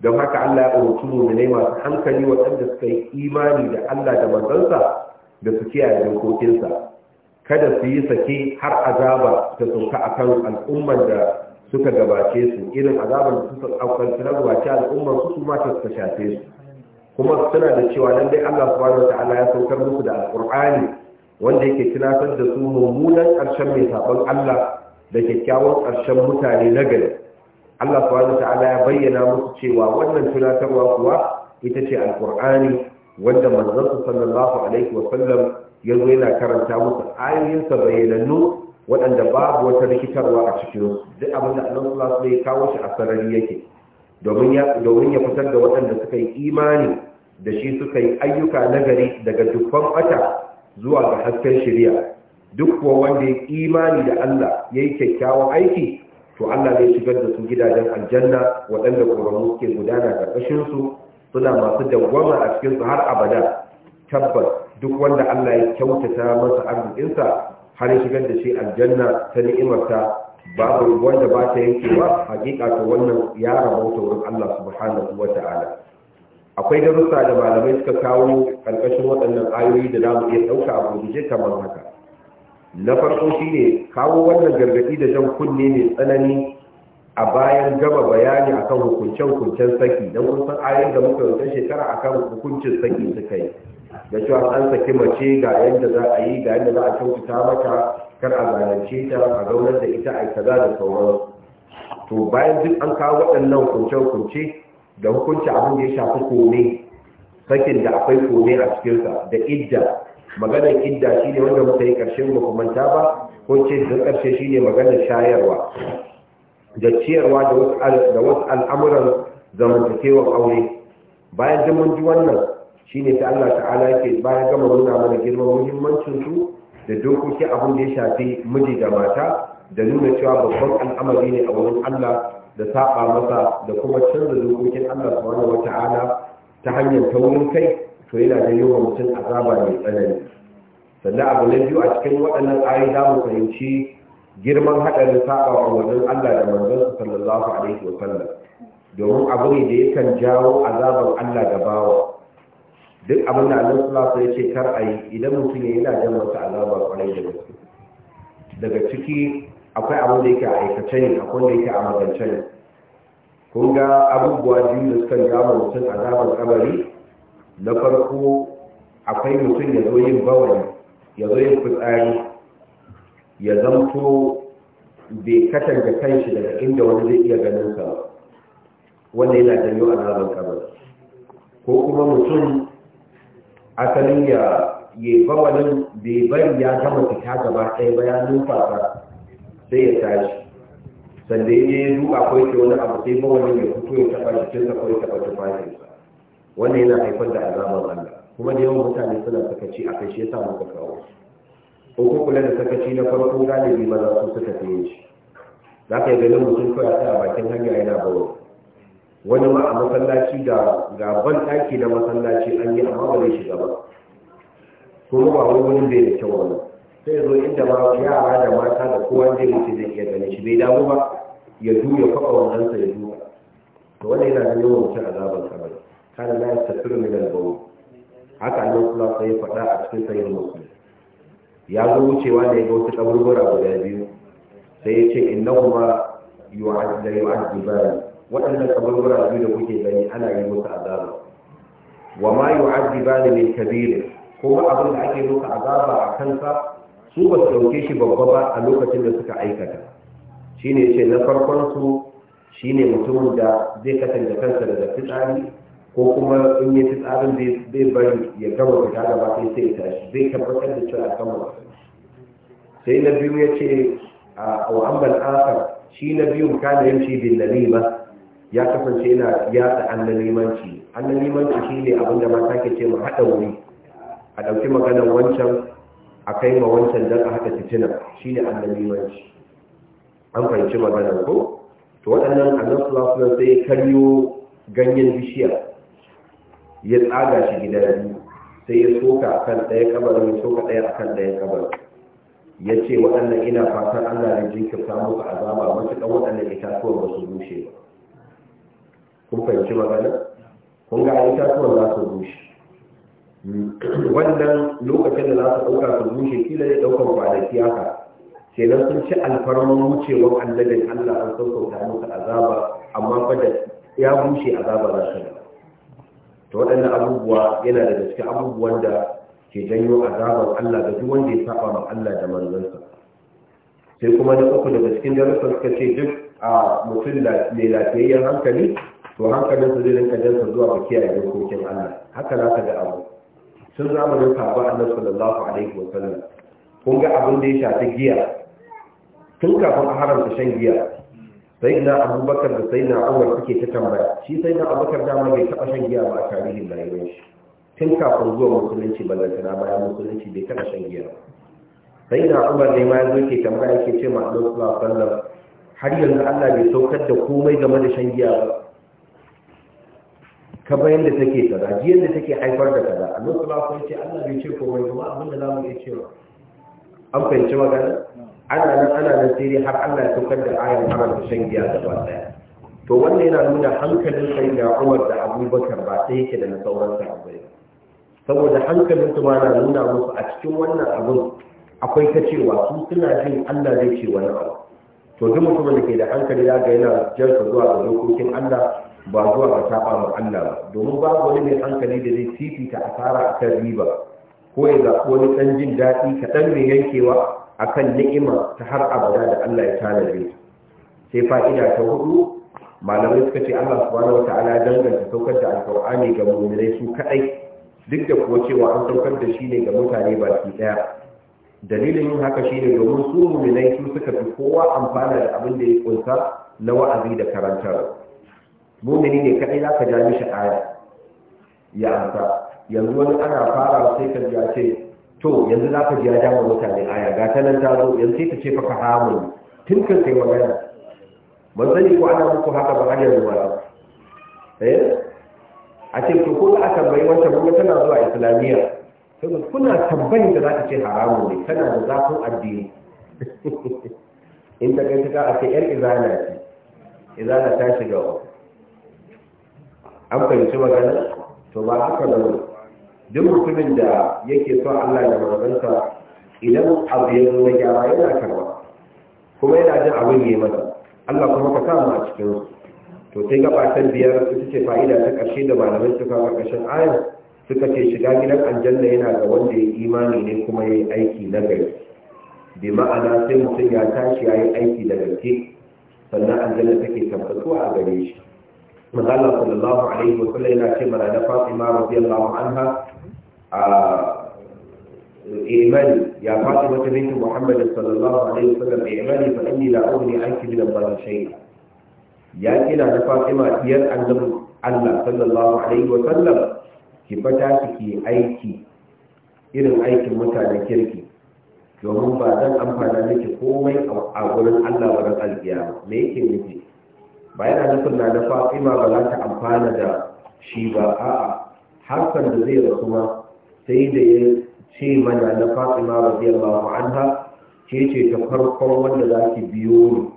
don haka Allah ya umarci muminai masu hankali waɗanda suka yi imani da Allah da manzansa da su kiyaye dokokinsa kada su yi sake har azaba ta sauka akan al'ummar da suka gabace su irin azabar da suka aukanci na gabace al'ummar su ma ta suka shafe su kuma suna da cewa nan dai Allah ta'ala ya saukar musu da alqur'ani wanda yake tunatar da su mummunan ƙarshen mai sabon Allah da kyakkyawan ƙarshen mutane na gari Allah ta'ala ya bayyana musu cewa wannan tunatarwa kuwa ita ce alqur'ani wanda manzon sallallahu alaihi wasallam ya zo yana karanta musu ayoyinsa bayyanannu waɗanda babu wata rikitarwa a cikin duk abin da annabi sallallahu alaihi ya kawo shi a sarari yake domin ya domin ya fitar da waɗanda suka yi imani da shi suka yi ayyuka nagari daga dukkan ata zuwa ga hasken shari'a duk kuwa wanda ya imani da Allah ya yi kyakkyawan aiki to Allah zai shigar da su gidajen aljanna waɗanda ƙoramu suke gudana ƙarƙashinsu suna masu dawwama a cikin su har abada tabbas duk wanda Allah ya kyautata masa arzikinsa har ya shigar da shi aljanna ta ni'imarta babu wanda ba ta wa hakika ta wannan ya rabauta wurin Allah subhanahu akwai darussa da malamai suka kawo karkashin waɗannan ayoyi da zamu iya ɗauka a gurguje kamar haka na farko shine kawo wannan gargaɗi da jan kunne mai tsanani a bayan gaba bayani akan hukuncen-hukuncen saki don kun san da muka wancan shekara akan hukuncin saki suka yi da cewa an saki mace ga yadda za a yi ga yadda za a kyautata mata kar a zalunce ta a zaunar da ita a kaza da sauran to bayan duk an kawo waɗannan hukunce-hukunce da hukunci abin da ya shafi kome sakin da akwai kome a cikinsa da idda maganar idda shine wanda muka yi ƙarshen makamanta ba ko ce da ƙarshe shine maganar shayarwa da ciyarwa da wasu al'amuran zamantakewar aure bayan zaman ji wannan shi ne ta Allah ta'ala yake bayan gama nuna mana girman su da dokoki abin da ya shafi miji da mata da nuna cewa babban al'amari ne a wurin Allah da saba masa da kuma canza dokokin Allah subhanahu wata'ala ta hanyar taurin kai to yana da yawa mutum azaba mai tsanani sannan abu na biyu a cikin waɗannan ayi za fahimci girman haɗarin saɓa wa wajen Allah da manzon sallallahu alaihi wa sallam domin abu ne da yakan jawo azabar Allah da bawa duk abin da Allah sallallahu ya ce kar a yi idan mutum ya yana jan masa azabar kwarai da gaske daga ciki akwai abin da yake aikace ne akwai da yake a magance ne kun ga abubuwa biyu da suka jawo mutum azabar kabari na farko akwai mutum ya zo yin bawani ya zo yin fitsari ya zamto bai katanta shi daga inda wani zai iya ganin sa wanda yana janyo azaban kabar ko kuma mutum asalin ya yi bawalin bai bari ya gama fita gaba ɗaya ba ya numfasa sai ya tashi sanda ya je ya duba ko yake wani abu sai bawalin ya fito ya taɓa jikinsa ko ya taɓa tufafinsa wannan yana haifar da azaban Allah kuma da yawan mutane suna sakaci a kai shi yasa muka kawo ko kula da sakaci na farko galibi maza su suka fiye shi za ka yi ganin mutum kawai a bakin hanya yana bawo wani ma a masallaci ga gaban ɗaki na masallaci an yi amma ba zai shiga ba kuma ba wani wani bai da kyau wani sai zo inda ma yara da mata da kowa zai wuce zai iya gani shi bai damu ba ya duya ya ya duka to wanda yana ganin wa mutum azaban kamar kana na yasta firin da haka annabi sallallahu alaihi wasallam ya faɗa a cikin sayyid muslim ya zo wucewa da ya ga wasu kaburbura guda biyu sai ya ce wa yu'adda yu'addiban waɗannan kaburbura biyu da kuke gani ana yi musu azaba wa ma yu'addiban mai kabir kuma abin da ake musu azaba a kansa su ba su ɗauke shi babba ba a lokacin da suka aikata shine ce na farkon su shine mutumin da zai kasance kansa daga fitsari ko kuma in yi tsarin zai bari ya gama fita da ba sai sai tashi zai tabbatar da cewa gama sai na biyu ya ce a wa'amban asar shi na biyu kana yin shi bin lalima ya kasance yana yasa annalimanci limanci shi ne abin da mata ke ce ma haɗa wuri a ɗauki maganar wancan a kai ma wancan don a haɗa fitina shi ne limanci. an fahimci maganar ko to waɗannan annan sulasulan sai karyo ganyen bishiya ya tsaga shi gida biyu sai ya soka a kan ɗaya kabar ya soka ɗaya a kan ɗaya kabar ya ce waɗannan ina fatan allah ne samu musu azaba matuƙa waɗannan itatuwan ba su bushe ba kun fahimci magana kun ga itatuwan za su bushe wannan lokacin da za su ɗauka su bushe kila ya ɗaukar kwanaki haka kenan sun ci alfarman wucewar annabin allah an sassauta musu azaba amma fa da ya bushe azaba za su to waɗannan abubuwa yana daga cikin abubuwan da ke janyo azabar Allah da duk wanda ya saba ma Allah da manzansa sai kuma na uku daga cikin darasa suka ce duk a mutum mai lafiyayyen hankali to hankalin hankalinsa zai rinka jansa zuwa ga kiyaye dokokin Allah haka za ka ga abu sun zamanin sabon Allah sallallahu alaihi wa sallam kun ga abin da ya shafi giya tun kafin a haramta shan giya sai na abubakar da sai na umar suke ta tambaya shi sai na abubakar dama bai taɓa shan giya ba a tarihin rayuwar shi tun kafin zuwa musulunci ballantana bayan musulunci bai taɓa shan giya sai na umar ne ma ya zo ke tambaya ke ce ma Allah sallar, har yanzu Allah bai saukar da komai game da shan giya ba ka bayan da take tsada, jiyan da take haifar da kaza Allah sallallahu alaihi ce Allah bai ce komai kuma abin da zamu iya cewa an fahimci magana ana nan ana nan sai dai har Allah ya saukar da ayar haramta shan giya gaba daya to wannan yana nuna hankalin sai da Umar da Abubakar ba sai yake da na sauran sahabbai saboda hankalin su ma na nuna musu a cikin wannan abun akwai ta cewa su suna jin Allah zai ce wani abu to duk mutumin da ke da hankali ya ga yana jarka zuwa ga dokokin Allah ba zuwa ga saba ma Allah ba domin babu wani mai hankali da zai fifita asara akan riba ko ya zaɓi wani ɗan jin daɗi kaɗan mai yankewa akan ni'ima ta har abada da Allah ya tanade sai fa'ida ta hudu malamai suka ce Allah subhanahu wata'ala danganta saukar da alkur'ani ga mu'minai su kadai duk da kuwa cewa an saukar da shi ne ga mutane baki daya dalilin yin haka shine domin su mu'minai su suka fi kowa amfana da abin da ya kunsa na wa'azi da karantar mu'mini ne kadai zaka ja mishi aya ya amsa yanzu wani ana fara sai ka ce to yanzu za ka biya ya jama mutane aya ga ta nan ta zo yanzu sai ta ce faka hamun tun kan kai magana ban sani ko ana muku haka ba har yanzu ba eh a ce to ko za a tambayi wancan kuma tana zuwa islamiyya saboda kuna tambayin da za ta ce haramun ne tana da zafin addini in ta kai ta a ce yar izana ce izana ta shiga an fahimci magana to ba haka da wani duk mutumin da yake son Allah da manzansa idan abu ya zo na gyara yana karba kuma yana jin abin yi mata Allah kuma ka samu a cikin to sai gaba ta biyar su ce fa'ida ta ƙarshe da malamai suka ƙarƙashin ayar suka ce shiga gidan aljanna yana ga wanda ya imani ne kuma ya yi aiki na gari bi ma'ana sai mutum ya tashi ya yi aiki da gaske sannan aljanna take tabbatuwa a gare shi manzala sallallahu alaihi wa yana ce mana na fatima radiyallahu anha اعملي يا فاطمة بنت محمد صلى الله عليه وسلم اعملي فإني لا أغني عنك من الله شيء يا كنا فاطمة ديار الله صلى الله عليه وسلم ki fata ki aiki irin aikin mutanen kirki domin ba zan amfana miki komai a wurin Allah wurin alkiyama me yake nufi ba yana nufin na da fa'ima ba za ta amfana da shi ba a'a hakan da zai rasu ma sai da ya ce mana na fatima radiyallahu anha ke ce ta farko wanda za ki biyo ni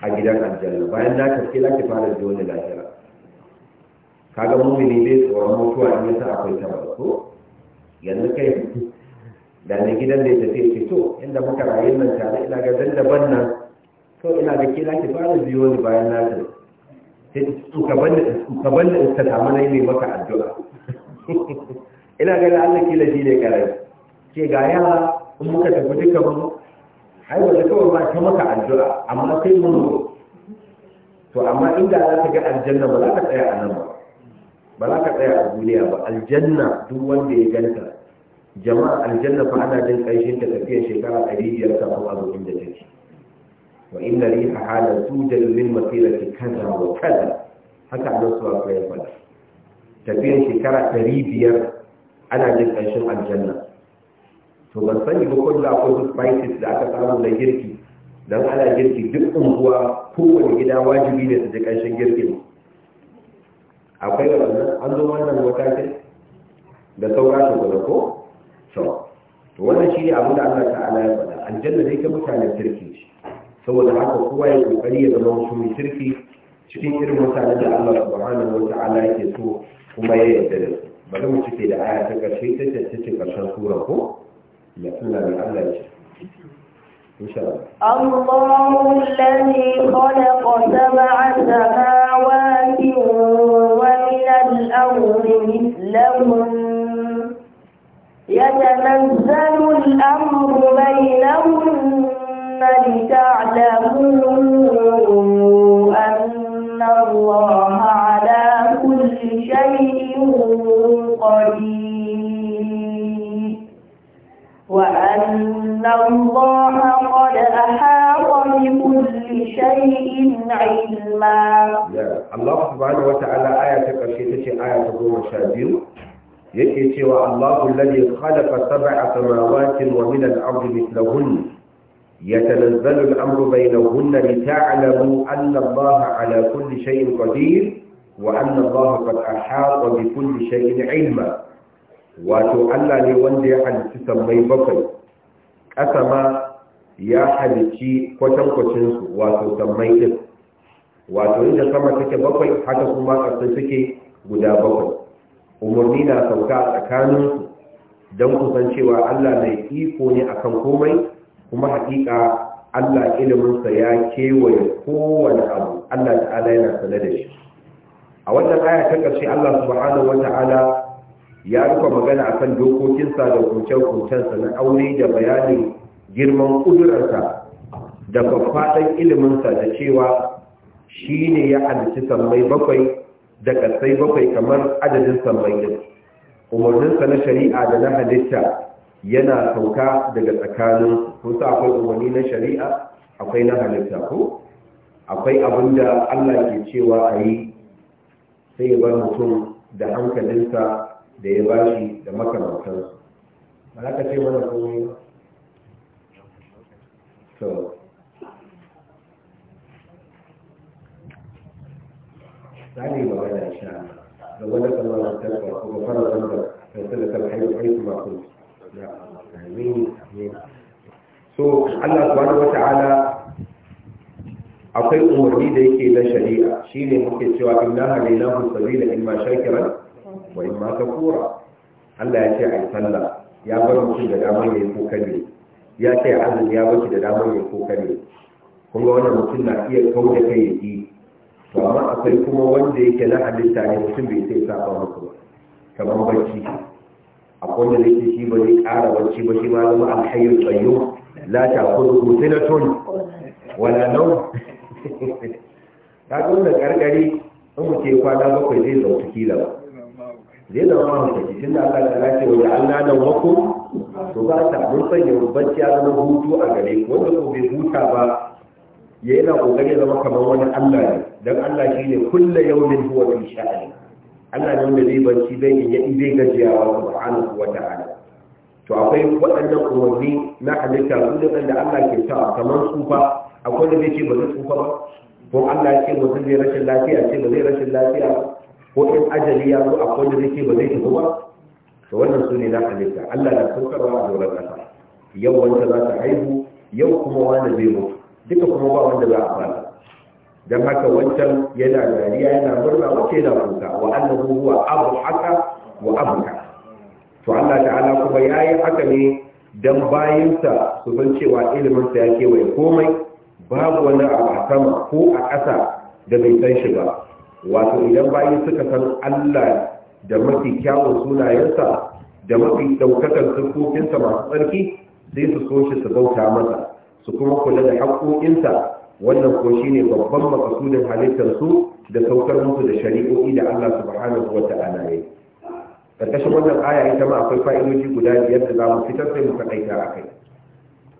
a gidan aljanna bayan na tafi za ki fara biyo ni lahira kaga mumini bai tsoron mutuwa in yasa akwai ta ko yanzu kai da na gidan da ya tafi ce to inda muka raye nan tare ina ga zan daban nan to ina ga ke za ki fara biyo ni bayan na tafi sai ka banda in ta samu na yi maka addu'a ina ganin Allah kila shi ne karai ke ga yara in muka tafi duka mu ai wanda kawai ba ta maka addu'a amma sai mun to amma inda za ka ga aljanna ba za ka tsaya a nan ba ba za ka tsaya a duniya ba aljanna duk wanda ya ganta jama'a aljanna fa ana jin ƙanshin ta tafiya shekara ɗari biyar ta kafin a zo inda take wa inna su da tujal masira masirati kaza wa kaza haka a Allah subhanahu wa faɗa. tafiyan shekara ɗari biyar ana jin ƙanshin aljanna to ban sani ba kulla ko spices da aka samu na girki don ana girki duk unguwa kowane gida wajibi ne su ji ƙanshin girkin akwai da wannan an zo wannan wata ce da saura shi guda ko to wannan shi ne abin da Allah ta'ala ya faɗa aljanna dai ta mutanen kirki saboda haka kowa ya kokari ya zama mutumin kirki cikin irin mutanen da Allah subhanahu wa ta'ala yake so kuma ya yarda da su bari mu cike da aya ta ƙarshe ta ce ta ce ƙarshen sura ko ya Allah ne Allah ce الله الذي خلق سبع سماوات ومن الأرض مثلهن يتنزل الأمر بينهن لتعلموا أن الله على كل شيء قريب وأن الله قد أحاط بكل شيء علما الله سبحانه ta آية قرشيتة آية yake cewa Allahu alladhi khalaqa sab'a samawati wa min al-ardi mithlahun yatanazzalu al-amru baynahunna lita'lamu anna Allaha ala kulli shay'in qadir وأن الله قد أحاط بكل شيء علما wato Allah ne wanda ya halici sammai bakwai ƙasa ma ya halici su, wato sammai ɗin wato inda sama take bakwai haka kuma ƙasa take guda bakwai umarni na sauka a tsakaninsu don kusan cewa Allah mai iko ne akan komai kuma haƙiƙa Allah iliminsa ya kewaye kowane abu Allah ta'ala yana sane da shi a wannan aya ta ƙarshe Allah subhanahu wata'ala ya rufe magana akan dokokinsa da kuncen kuncensa na aure da bayanin girman ƙudurarsa da faffaɗan iliminsa da cewa shi ne ya halici sammai bakwai da ƙasai bakwai kamar adadin sammai ɗin umarninsa na shari'a da na halitta yana sauka daga tsakanin kusa akwai umarni na shari'a akwai na halitta ko akwai abin da allah ke cewa a yi sai ya bar mutum da hankalinsa da ya bashi da makamantansu ba za ka ce mana komai ba so tsari ba wani sha da wani kalmar da ta ba kuma fara wanda ta tsada kan haihu haihu ba kuma amin amin so Allah subhanahu wa ta'ala akwai umarni da yake na shari'a Shi ne muke cewa in na inna hadainahu sabila imma shakiran wa imma kura. Allah ya ce ai sallah ya bar mutum da damar ya yayi kokari ya ce azumi ya baki da damar ya yi kokari kun ga wannan mutum na iya kauda kai yi to amma akwai kuma wanda yake na halitta ne mutum bai sai saba musu ba kamar bacci akwai wanda yake shi ba zai kara bacci ba shi ma zama alhayyul qayyum la ta'khudhuhu sinatun wala nawm Ta ga wannan karkari in mu ce kwana bakwai zai zama kila ba zai zama ma hutaci tunda Allah ta lace wa Allah nan wako to ba ta mun sanya bacci a zama hutu a gare ku wanda ko bai huta ba ya yana kokari zama kamar wani Allah ne dan Allah shi ne kullu yawmin huwa fi sha'ani Allah ne wanda zai bacci bai yi zai gajiya wa subhanahu wa ta'ala to akwai waɗannan umarni na halitta su da Allah ke sa kamar su fa akwai da zai ce ba zai tsufa ba ko Allah ya ce mutum zai rashin lafiya ce ba zai rashin lafiya ko in ajali ya zo akwai da zai ce ba zai tafi ba to wannan su ne na halitta Allah na saukarwa a doron ƙasa yau wanda za ta haihu yau kuma wanda zai mutu duka kuma ba wanda za a fara don haka wancan yana dariya yana murna wace yana kuka wa annahu huwa abu haka wa abuka to Allah ta'ala kuma yayi haka ne dan bayinsa su san cewa ilimin sa ya kewaye komai babu wani a sama ko a ƙasa da bai san shi ba wato idan bayi suka san Allah da mafi kyawun sunayensa da mafi ɗaukakar siffofinsa masu tsarki sai su so shi su bauta masa su kuma kula da haƙoƙinsa wannan ko ne babban makasudin halittar su da saukar musu da shari'o'i da Allah subhanahu wata'ala ya karkashin wannan aya ita ma akwai fa'idoji guda biyar da za mu fitar sai mu kaɗaita a kai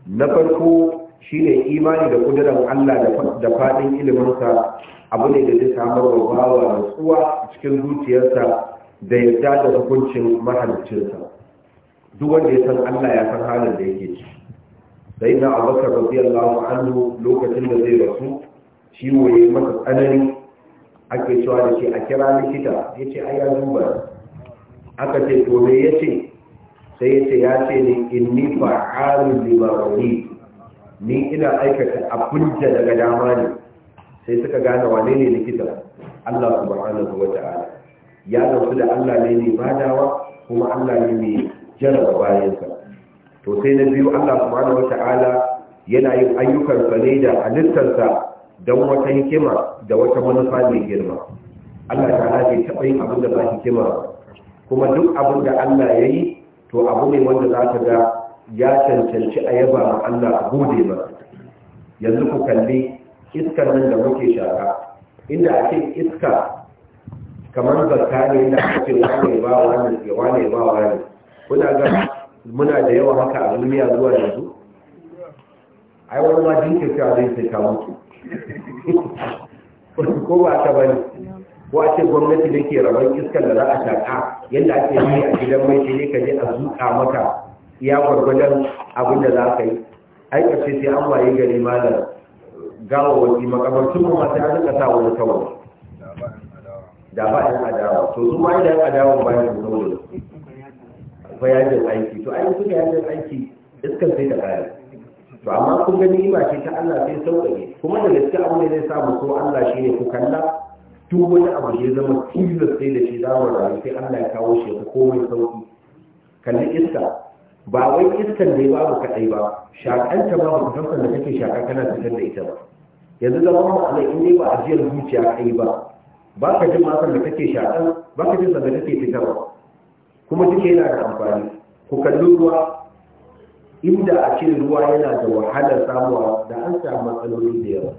na farko Shi ne imani da kudurar Allah da faɗin ilimansa abu ne da zai samar wa bawa nutsuwa cikin zuciyarsa da yarda da hukuncin mahalicinsa duk wanda ya san Allah ya san halin da yake ci sai na abubakar radiyallahu anhu lokacin da zai rasu Shi waye masa tsanani ake cewa da shi a kira likita ya ce ai ya duba aka ce to me ya ce sai ya ce ya ce ne inni fa'alun limaroni ni ina aikata abin da daga dama ne sai suka gane wane ne likita Allah subhanahu wa ta'ala ya dauki da Allah ne ne badawa kuma Allah ne ne jarraba bayansa to sai na biyu Allah subhanahu wa ta'ala yana yin ayyukan sa ne da halittarsa don wata hikima da wata manufa mai girma Allah ta'ala bai taɓa yin abin da ba hikima kuma duk abin da Allah ya yi to abu ne wanda za ta ga ya cancanci a yaba ma Allah a gode ba yanzu ku kalli iskar nan da muke shaka inda ake iska kamar zarka ne inda ake wane ba wane ke wane ba wane kuna ga muna da yawa haka a duniya zuwa yanzu ai wani ma ta zai sai ka mutu ko ba ta bane ko a ce gwamnati da ke rabon iskar da za a shaka yadda ake yi a gidan mai ne ka je a zuƙa maka Ya gwargwadon abin da za ka yi aikace sai an waye gari malam gawa wani makamarcin kuma sai an sa wani kawai da ba yan adawa to su ma yan adawa ba yan dole ba yajin aiki to ai suka yajin aiki iskar sai ta kare to amma kun gani ima ce ta Allah sai sauƙaƙe kuma da gaske abu ne zai samu ko Allah shi ne ku kalla duk wani abu ya zama tilas sai da shi zamu rayu sai Allah ya kawo shi ta komai sauƙi kalli iska ba wai iskan da ya babu kaɗai ba shakanta ba ba kusan da kake shaƙa kana fitar da ita ba yanzu zama mu Allah in dai ba ajiyar zuciya kai ba ba ka jin da kake shakan ba ka jin kake kuma duka yana da amfani ku kalli ruwa inda a ce ruwa yana da wahalar samuwa da an samu matsaloli da yawa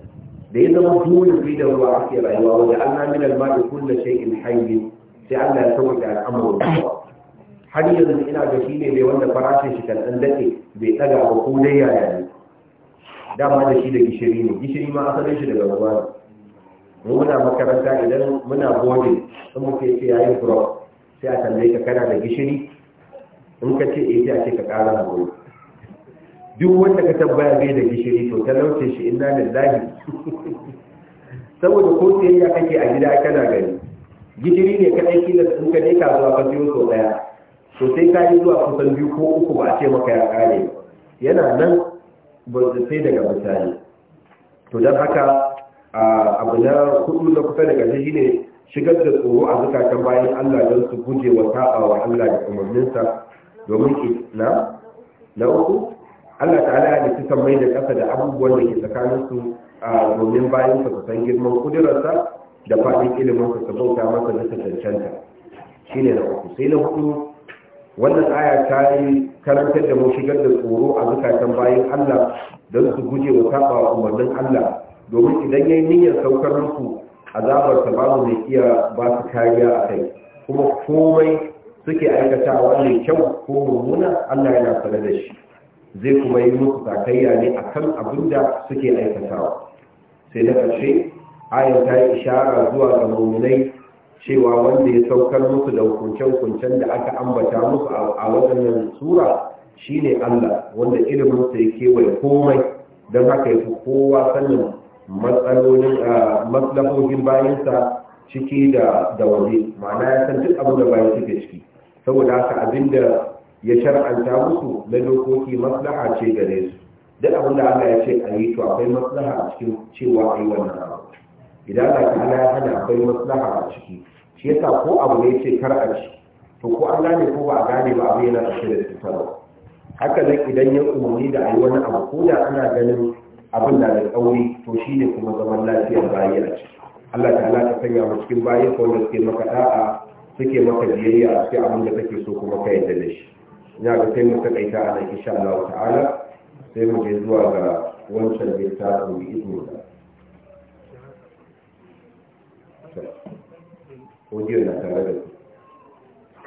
da ya zama dole fi da ruwa ake rayuwa wanda an na min almadi kullu shay'in hayy sai Allah ya da al'amuran ruwa har yanzu ina ga shi ne mai wanda farashin shi kan ɗan daɗe bai tsaga ba ko dai yaya ne dama da shi da gishiri ne gishiri ma asalin shi daga ruwa ne mu muna makaranta idan muna bode in muke ce yayi bro sai a tambaye ka kana da gishiri in ka ce eh sai a ce ka ƙara na gobe duk wanda ka tabbaya bai da gishiri to talauce shi inna lillahi saboda ko sai ya kake a gida kana gani gishiri ne kadai kila in ka ne kasuwa ka siyo so daya to sai ka yi zuwa kusan biyu ko uku ba a ce maka ya kare yana nan sai daga misali to don haka abu na kudu na kusa da shi ne shigar da tsoro a zukatan bayan Allah don su guje wa saba wa Allah da umarninsa domin ki na na uku Allah ta'ala ya nufi sammai da kasa da abubuwan da ke tsakanin su domin bayan su san girman kudurarsa da faɗin ilimin su bauta masa da su cancanta shine na uku sai na hudu wannan aya ta yi karantar da mu shigar da tsoro a zukatan bayan Allah don su guje wa saba wa umarnin Allah domin idan yayi niyyar saukar musu azabar ta babu mai iya ba su kariya a kai kuma komai suke aikata a wannan kyau ko mummuna Allah yana sanar da shi zai kuma yi musu sakayya ne akan abin da suke aikatawa sai na ƙarshe ayar ta yi ishara zuwa ga muminai cewa wanda ya saukar musu da hukuncen-hukuncen da aka ambata musu a waɗannan sura ne Allah wanda iliminsa ya kewaye komai don haka ya fi kowa sannan matsalolin maslahohin bayansa ciki da waje ma'ana ya san duk abin da bayan suke ciki saboda haka abin da ya shar'anta musu na dokoki maslaha ce gare su duk abin da Allah ya ce a yi to akwai maslaha a cikin cewa a yi wannan abu idan hana akwai maslaha a ciki shi yasa ko abu ne ce kar a ci to ko an gane ko ba a gane ba abu yana ɗauke da cutarwa haka zai idan ya umarni da a yi wani abu ko da ana ganin abin da da tsauri to shi ne kuma zaman lafiyar bayi a ciki Allah ta ta sanya mu cikin bayi ko wanda suke maka da'a suke maka biyayya a cikin abin da kake so kuma ka yarda da shi ina ga sai mu takaita a nan insha Allah ta'ala sai mu je zuwa ga wancan littafin bi idnillah ko jiya na tare da